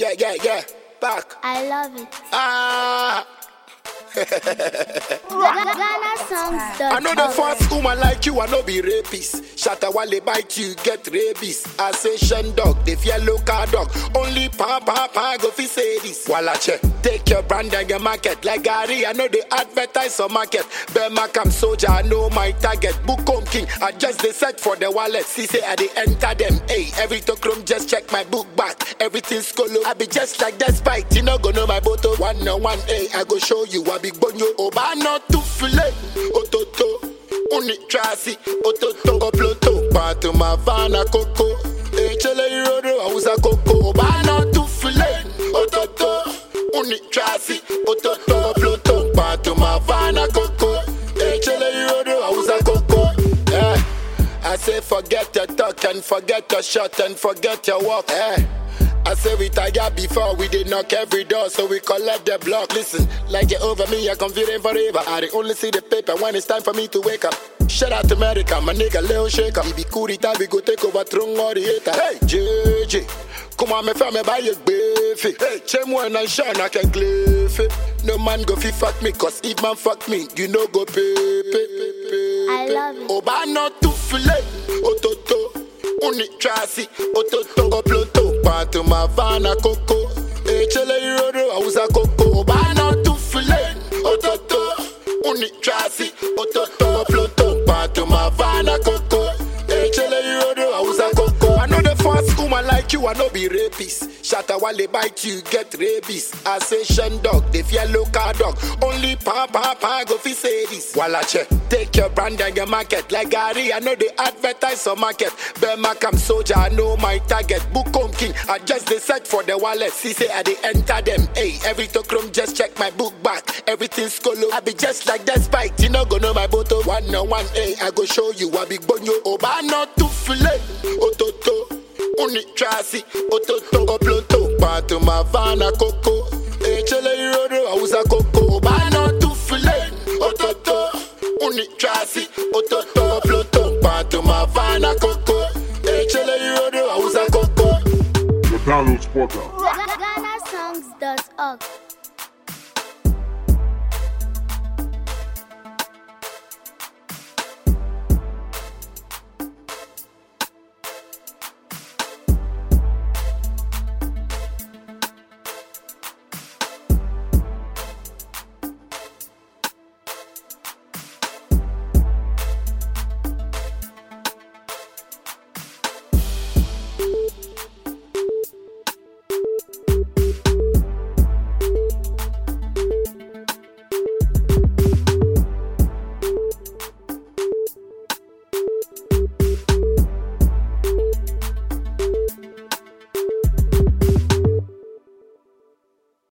yeah, yeah, yeah. Back. I love it. Ah. I know the first woman like you, I know be rapist. Shatter while they bite you, get rabies. I say shen dog, the yellow car dog. Only pa pa pa go fi say this. Walla check, take your brand and your market. Like Gary, I know they advertise on market. Bema come soldier, I know my target. Book home king, I just they set for the wallet. See say I they enter them. Hey, every tokrom just check my book back. Everything's colo. I be just like that spike. You know go know my bottle. Oh, one on one, hey, I go show you. what. Big bigbonyo obana tufule ototo unitrasi ototo koploto pato mavana koko echele irodo ausa koko obana tufule ototo unitrasi ototo koploto pato mavana koko echele irodo ausa koko Yeah, i say forget your talk and forget your shot and forget your walk eh I say we tired before, we did knock every door, so we collect the block. Listen, like it over me, I confident forever. I only see the paper when it's time for me to wake up. Shout out to America, my nigga Lil Shaker. He be cool, that we go take over throne or the hater. Hey, JJ, come on, me fam, me buy your beefy. Hey, Chem when I shine, I can cliff it. No man go fi fuck me, cause if man fuck me, you know go pay, pay, pay, pay. I love it. Oba no tu filet, ototo, unit trasi, ototo, go pluto my Phantom Havana Coco. you road, I was a Coco. You are no be rapist. Shatter while they bite you, get rabies. Assassin dog, the yellow a dog. Only papa pa go fi say this. Walache, take your brand and your market. Like Gary, I know they advertise on market. am soldier, I know my target. Book Bukom king, I just they set for the wallet. See say I they enter them. Hey, every tokrom just check my book back. Everything's colo. I be just like that spike. You know go know my bottle one on one. Hey, I go show you. I be bonyo. Oba not to fillet. Ototo unichasi ototongo ploto pato mavana koko echele irodo ausa koko bana pato mavana koko echele irodo ausa koko Download Spotify. Ghana Songs.org